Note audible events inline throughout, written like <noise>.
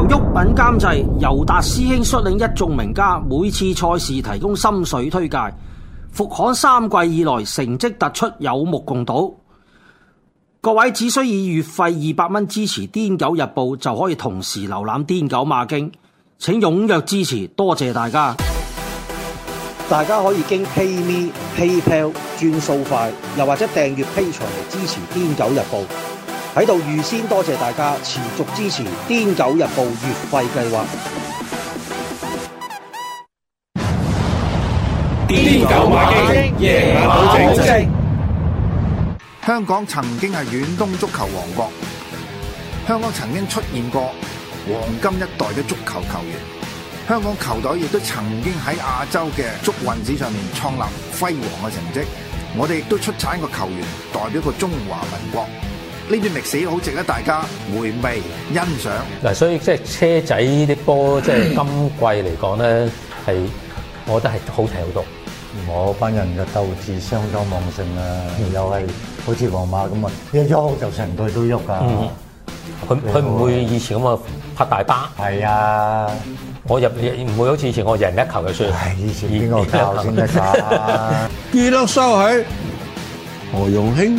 由鬱品監製，尤達師兄率領一眾名家，每次賽事提供心水推介。復刊三季以來成績突出，有目共睹。各位只需以月費二百蚊支持《癲狗日報》，就可以同時瀏覽《癲狗馬經》。請踊躍支持，多謝大家！大家可以經 PayMe、PayPal 轉數快，又或者訂閱 Patreon 嚟支持《癲狗日報》。喺度預先多謝大家持續支持《癲狗日報月費計劃》。癲狗馬基，香港曾經係遠東足球王國，香港曾經出現過黃金一代嘅足球球員，香港球隊亦都曾經喺亞洲嘅足運史上面創立輝煌嘅成績。我哋亦都出產一個球員代表個中華民國。呢段歷史好值得大家回味欣賞。嗱，所以即係車仔啲波，即係今季嚟講咧，係 <coughs> 我覺得係好睇好多。我班人嘅鬥志相當旺盛啊！嗯、又係好似皇馬咁、嗯、啊，一喐就成隊都喐㗎！佢佢唔會以前咁啊拍大巴。係啊，我入唔會好似以前我贏一球嘅衰。係 <laughs> 以前邊個我教先得㗎？記得收起何卿，何永興。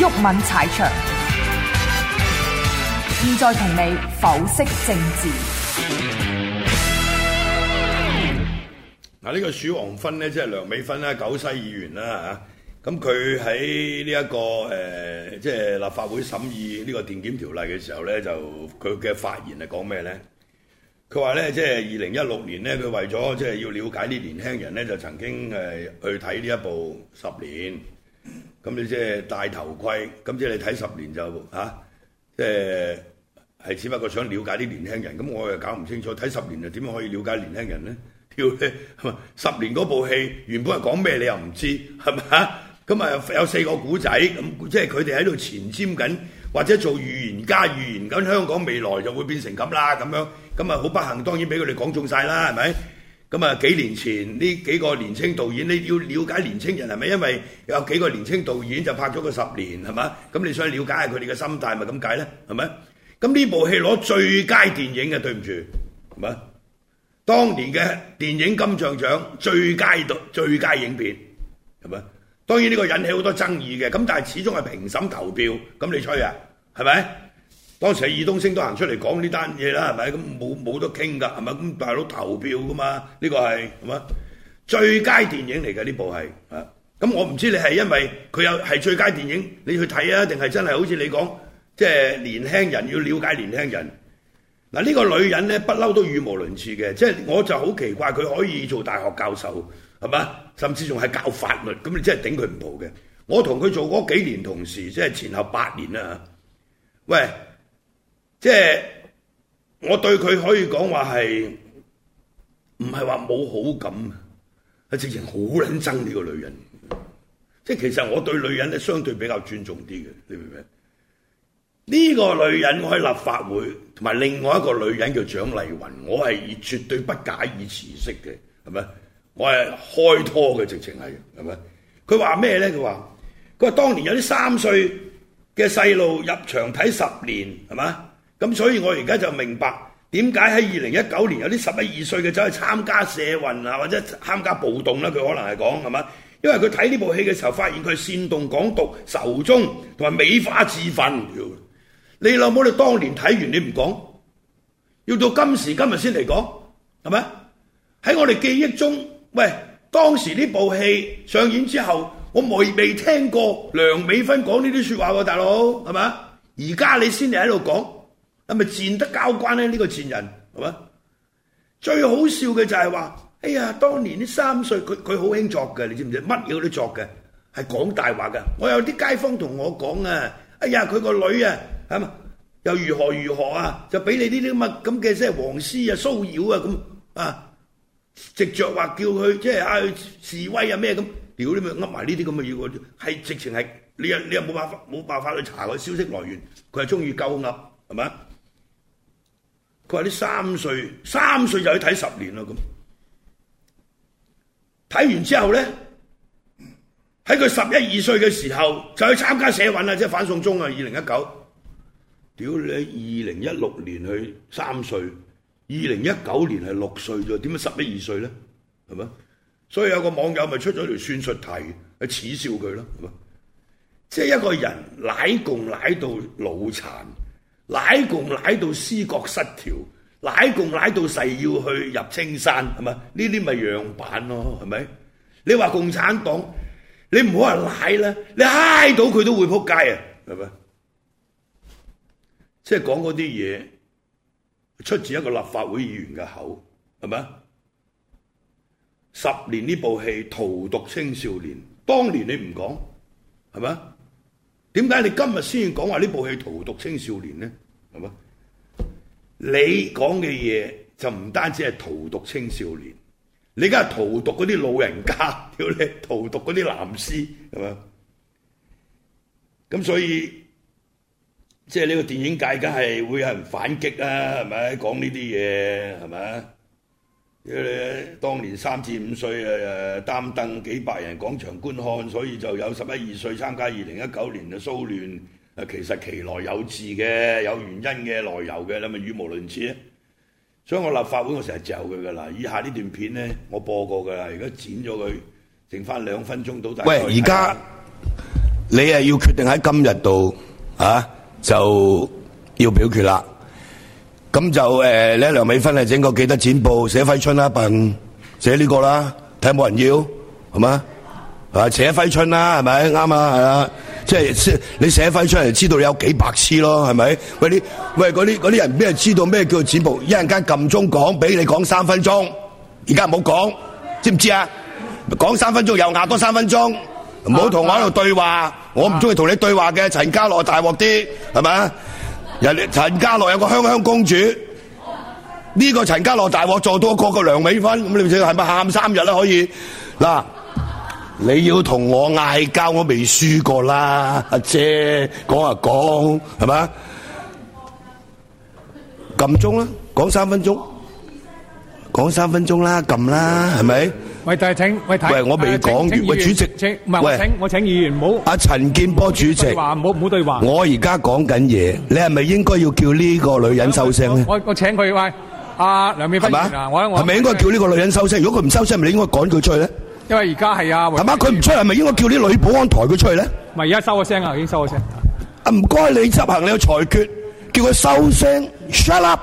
毓民踩場，現在同你剖析政治。嗱，呢個鼠王芬，咧，即係梁美芬啦，九西議員啦吓，咁佢喺呢一個誒，即、呃、係、就是、立法會審議呢個電檢條例嘅時候咧，就佢嘅發言係講咩咧？佢話咧，即係二零一六年咧，佢為咗即係要了解啲年輕人咧，就曾經誒去睇呢一部《十年》。咁你即係戴頭盔，咁即係你睇十年就嚇、啊，即係係只不過想了解啲年輕人。咁我又搞唔清楚，睇十年又點樣可以了解年輕人呢？跳十年嗰部戲原本係講咩？你又唔知係咪？咁啊有四個古仔，咁即係佢哋喺度前瞻緊，或者做預言家預言緊香港未來就會變成咁啦咁樣，咁啊好不幸，當然俾佢哋講中晒啦，係咪？咁啊幾年前呢幾個年青導演，你要了解年青人係咪？因為有幾個年青導演就拍咗個十年，係嘛？咁你想了解下佢哋嘅心態咪咁解咧？係咪？咁呢部戲攞最佳電影嘅，對唔住，係嘛？當年嘅電影金像獎最佳最佳影片係嘛？當然呢個引起好多爭議嘅，咁但係始終係評審投票，咁你吹啊，係咪？是當時係易東升都行出嚟講呢單嘢啦，係咪咁冇冇得傾㗎？係咪咁大佬投票㗎嘛？呢個係係嘛最佳電影嚟㗎，呢部係啊？咁我唔知你係因為佢有係最佳電影，你去睇啊？定係真係好似你講，即係年輕人要了解年輕人嗱？呢個女人呢，不嬲都語無倫次嘅，即係我就好奇怪佢可以做大學教授係嘛？甚至仲係教法律咁，那你真係頂佢唔蒲嘅。我同佢做嗰幾年同事，即係前後八年啦、啊、喂！即係我對佢可以講話係唔係話冇好感，佢直情好撚憎呢個女人。即係其實我對女人係相對比較尊重啲嘅，你明唔明？呢個女人我喺立法會同埋另外一個女人叫蔣麗雲，我係絕對不假辭色嘅，係咪？我係開拖嘅，直情係，係咪？佢話咩咧？佢話佢話當年有啲三歲嘅細路入場睇十年，係嘛？咁所以，我而家就明白點解喺二零一九年有啲十一二歲嘅走去參加社運啊，或者參加暴動啦。佢可能係講係嘛？因為佢睇呢部戲嘅時候，發現佢煽動港獨、仇中同埋美化自焚。你老母！你當年睇完你唔講，要到今時今日先嚟講係咪？喺我哋記憶中，喂，當時呢部戲上演之後，我未未聽過梁美芬講呢啲說話喎，大佬係咪？而家你先嚟喺度講。係咪賤得交關咧？呢、呢個賤人係嘛？最好笑嘅就係話：哎呀，當年呢三歲，佢佢好興作嘅，你知唔知？乜嘢都作嘅，係講大話嘅。我有啲街坊同我講啊：，哎呀，佢個女啊係嘛，又如何如何啊？就俾你呢啲咁嘅咁嘅即係黃絲啊，騷擾啊咁啊，直着話叫佢即係嗌示威啊咩咁？屌你咪呃埋呢啲咁嘅嘢喎！係直情係你又你又冇辦法，冇辦法去查佢消息來源，佢係中意夠噏係嘛？係嘛佢話你三歲，三歲就去睇十年啦咁，睇完之後呢，喺佢十一二歲嘅時候就去參加社運啦，即係反送中啊！二零一九，屌你！二零一六年去三歲，二零一九年係六歲啫，點解十一二歲呢？係咪？所以有個網友咪出咗條算術題，係恥笑佢啦，係咪？即係一個人舐共舐到腦殘。舐共舐到思覺失調，舐共舐到誓要去入青山，係咪？呢啲咪樣板咯，係咪？你話共產黨，你唔好話舐啦，你嗨到佢都會扑街啊，係咪？即係講嗰啲嘢，出自一個立法會議員嘅口，係咪？十年呢部戲荼毒青少年，當年你唔講，係咪？點解你今日先講話呢部戲荼毒青少年呢？係嘛吧？你講嘅嘢就唔單止係荼毒青少年，你而家係荼毒嗰啲老人家，屌你！荼毒嗰啲藍絲，係嘛？咁所以即係呢個電影界梗係會有人反擊啦，啊，係咪？講呢啲嘢，係咪？當年三至五歲誒擔凳，幾百人廣場觀看，所以就有十一二歲參加二零一九年嘅騷亂。其實其來有自嘅，有原因嘅來由嘅，你咪語無倫次。所以我立法會我成日嚼佢㗎喇。以下呢段片咧，我播過㗎喇，而家剪咗佢，剩返兩分鐘到。喂，而家看你係要決定喺今日度啊，就要表決啦。咁就誒咧梁美芬係整個幾多展報寫揮春啦，笨寫呢個啦，睇冇人要係嘛？啊寫揮春啦，係咪啱啊？係啦，即係你寫揮春係知道你有幾白痴咯，係咪？喂啲喂嗰啲嗰啲人邊係知道咩叫展報？一陣間撳鐘講，俾你講三分鐘，而家唔好講，知唔知啊？講三分鐘又壓多三分鐘，唔好同我喺度對話，我唔中意同你對話嘅，陳家樂大鑊啲係咪啊？人陳家洛有個香香公主，呢個陳家洛大鑊，做多一個個梁美芬，咁你哋係咪喊三日啦？可以嗱，你要同我嗌交，我未輸過啦，阿姐講啊講係咪，撳鐘啦，講三分鐘，講三分鐘啦，撳啦，係咪？喂，就係請喂，我未講完，喂主席，請唔係我請我請議員唔好。阿陳建波主席話唔好唔好對話。我而家講緊嘢，你係咪應該要叫呢個女人收聲咧？我我請佢喂阿梁美芬，係嘛？係咪應該叫呢個女人收聲？如果佢唔收聲，咪應該趕佢出去咧？因為而家係阿。係嘛？佢唔出，係咪應該叫啲女保安抬佢出去咧？唔係而家收咗聲啊，已經收咗聲。啊，唔該你執行你嘅裁決，叫佢收聲，shut up。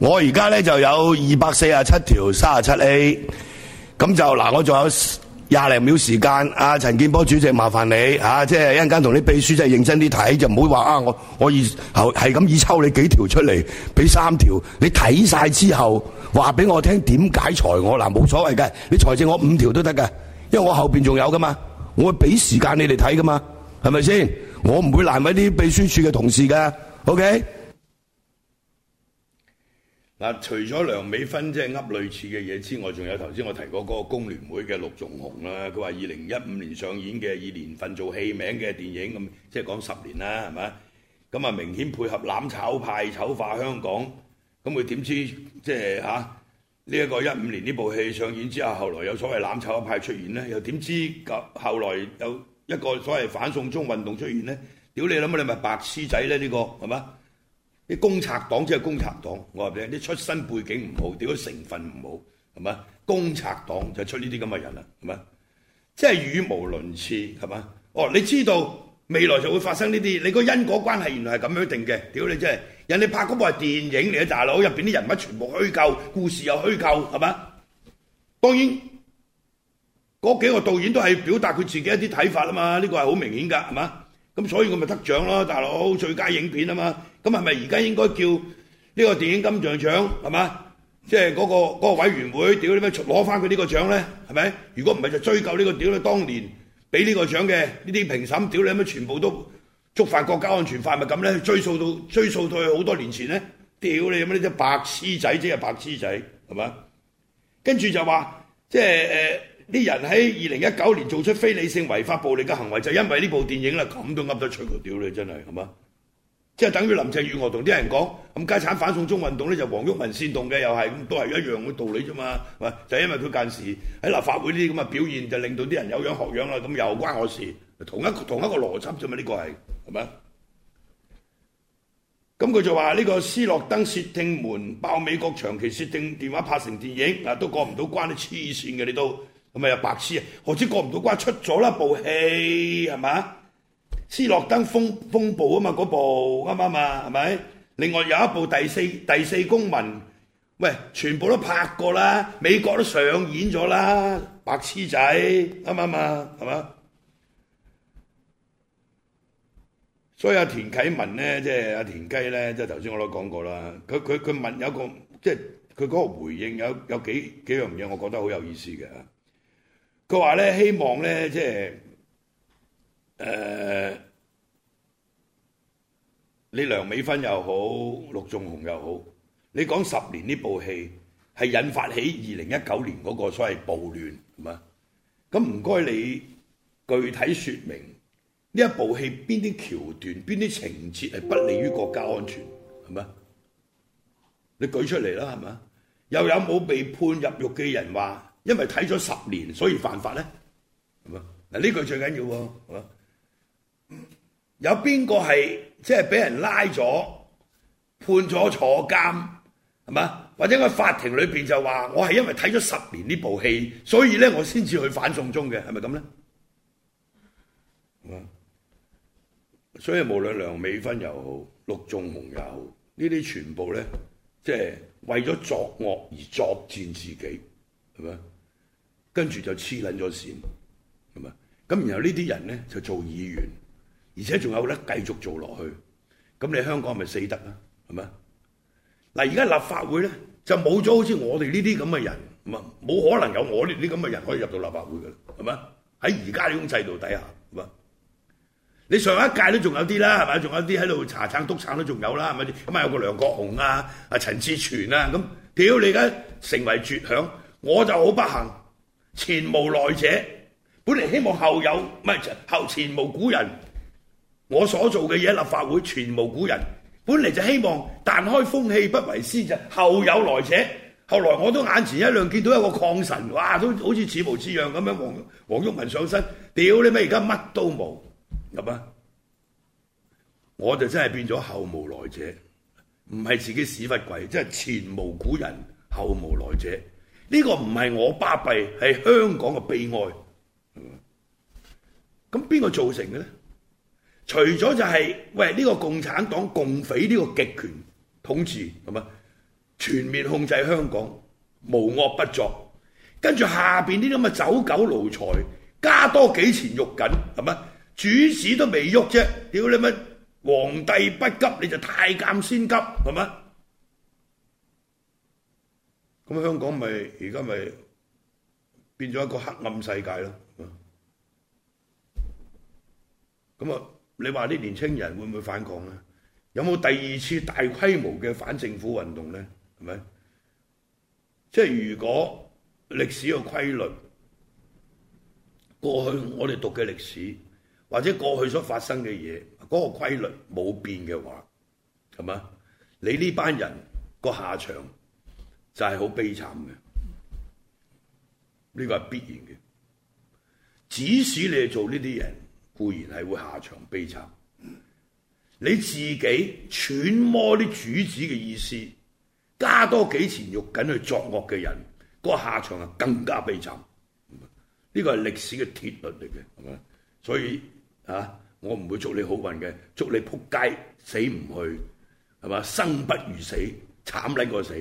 我而家咧就有二百四十七條三十七 A，咁就嗱，我仲有廿零秒時間。阿、啊、陳建波主席，麻煩你啊，即係一陣間同你秘書即係認真啲睇，就唔好話啊，我我以後係咁意抽你幾條出嚟，俾三條，你睇晒之後話俾我聽點解裁我嗱，冇、啊、所謂嘅，你裁正我五條都得嘅，因為我後邊仲有噶嘛，我會俾時間你哋睇噶嘛，係咪先？我唔會難為啲秘書處嘅同事嘅，OK。嗱，除咗梁美芬即係噏類似嘅嘢之外，仲有頭先我提過嗰個工聯會嘅陸頌雄啦，佢話二零一五年上演嘅以年份做戲名嘅電影咁，即係講十年啦，係咪咁啊明顯配合攬炒派醜化香港。咁佢點知即係吓，呢一個一五年呢部戲上演之後，後來有所謂攬炒派出現呢？又點知咁後來有一個所謂反送中運動出現呢？屌你諗啊，你咪白痴仔呢？呢個係咪啲公賊黨即係公賊黨，我話俾你啲出身背景唔好，屌佢成分唔好，係嘛？公賊黨就出呢啲咁嘅人啦，係嘛？即係語無倫次，係嘛？哦，你知道未來就會發生呢啲，你個因果關係原來係咁樣定嘅，屌你真係！人哋拍嗰部係電影嚟嘅，大佬入邊啲人物全部虛構，故事又虛構，係嘛？當然，嗰幾個導演都係表達佢自己的一啲睇法啦嘛，呢個係好明顯噶，係嘛？咁所以我咪得獎咯，大佬最佳影片啊嘛！咁係咪而家應該叫呢個電影金像獎係嘛？即係嗰個、嗰個委員會，屌你咩，攞翻佢呢個獎咧？係咪？如果唔係就追究呢個屌你當年俾呢個獎嘅呢啲評審，屌你咪全部都觸犯國家安全法咪咁咧？追溯到追溯到去好多年前咧？屌你咁呢隻白痴仔，即係白痴仔，係嘛？跟住就話即係誒，啲人喺二零一九年做出非理性違法暴力嘅行為，就因為呢部電影啦，咁都噏得出個屌你真係，係嘛？即係等於林鄭月娥同啲人講，咁家陣反送中運動咧就黃毓民煽動嘅又係，咁都係一樣嘅道理啫嘛。喂，就是、因為佢近時喺立法會呢啲咁嘅表現，就令到啲人有樣學樣啦。咁又關我事？同一個同一個邏輯啫嘛，呢個係係咪啊？咁佢就話呢個斯諾登竊聽門爆美國長期竊聽電話拍成電影，嗱，都過唔到關你黐線嘅你都咁咪又白痴啊！何止過唔到關，出咗啦部戲係嘛？斯諾登風風暴啊嘛，嗰部啱啱嘛？係咪？另外有一部第四第四公民，喂，全部都拍過啦，美國都上演咗啦，白痴仔啱啱嘛？係嘛？所以阿田啟文咧，即係阿田雞咧，即係頭先我都講過啦。佢佢佢問有個，即係佢嗰個回應有有幾幾樣嘢，我覺得好有意思嘅。佢話咧，希望咧，即係。誒，uh, 你梁美芬又好，陸仲雄又好，你講十年呢部戲係引發起二零一九年嗰個所謂暴亂係嘛？咁唔該你具體說明呢一部戲邊啲橋段、邊啲情節係不利於國家安全係嘛？你舉出嚟啦係嘛？又有冇被判入獄嘅人話因為睇咗十年所以犯法咧？係嘛？嗱呢句最緊要喎。係嘛有邊個係即係俾人拉咗判咗坐監係嘛？或者喺法庭裏邊就話我係因為睇咗十年呢部戲，所以咧我先至去反送中嘅，係咪咁咧？係嘛？所以無論梁美芬又好，陸頌雄又好，呢啲全部咧即係為咗作惡而作踐自己，係嘛？跟住就黐捻咗線，係嘛？咁然後這些呢啲人咧就做議員。而且仲有咧，繼續做落去，咁你香港咪死得啦？係咪？嗱，而家立法會咧就冇咗，好似我哋呢啲咁嘅人，啊，冇可能有我哋呢啲咁嘅人可以入到立法會嘅，係咪？喺而家呢種制度底下，唔啊，你上一屆都仲有啲啦，係咪？仲有啲喺度查賬督賬都仲有啦，係咪？咁啊有個梁國雄啊，阿陳志全啊，咁屌你而家成為絕響，我就好不幸，前無來者，本嚟希望後有，唔係後前無古人。我所做嘅嘢，立法會全無古人，本嚟就希望但開風氣不為師啫，後有來者。後來我都眼前一亮，見到一個抗神，哇，都好似似模似樣咁樣，黃黃毓民上身，屌你咩？而家乜都冇，咁啊，我就真係變咗後無來者，唔係自己屎忽鬼，真係前無古人後無來者，呢個唔係我巴閉，係香港嘅悲哀。咁邊個造成嘅呢？除咗就係，喂，呢個共產黨共匪，呢個極權統治係咪，全面控制香港，無惡不作，跟住下邊啲咁嘅走狗奴才，加多幾錢喐，緊係咪主子都未喐啫？屌你咪，皇帝不急你就太監先急係咪？咁香港咪而家咪變咗一個黑暗世界咯，咁啊！你話啲年青人會唔會反抗呢？有冇第二次大規模嘅反政府運動呢？係咪？即係如果歷史嘅規律，過去我哋讀嘅歷史，或者過去所發生嘅嘢，嗰個規律冇變嘅話，係嘛？你呢班人個下場就係好悲慘嘅，呢個係必然嘅。即使你做呢啲人。固然係會下場悲慘，你自己揣摩啲主子嘅意思，加多幾錢肉緊去作惡嘅人，個下場啊更加悲慘。呢個係歷史嘅鐵律嚟嘅，係咪？所以啊，我唔會祝你好運嘅，祝你撲街死唔去，係嘛？生不如死，慘撚過死。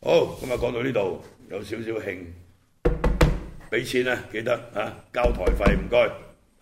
好，咁啊講到呢度有少少興，俾錢啦，記得啊交台費，唔該。